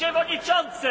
przewodniczący!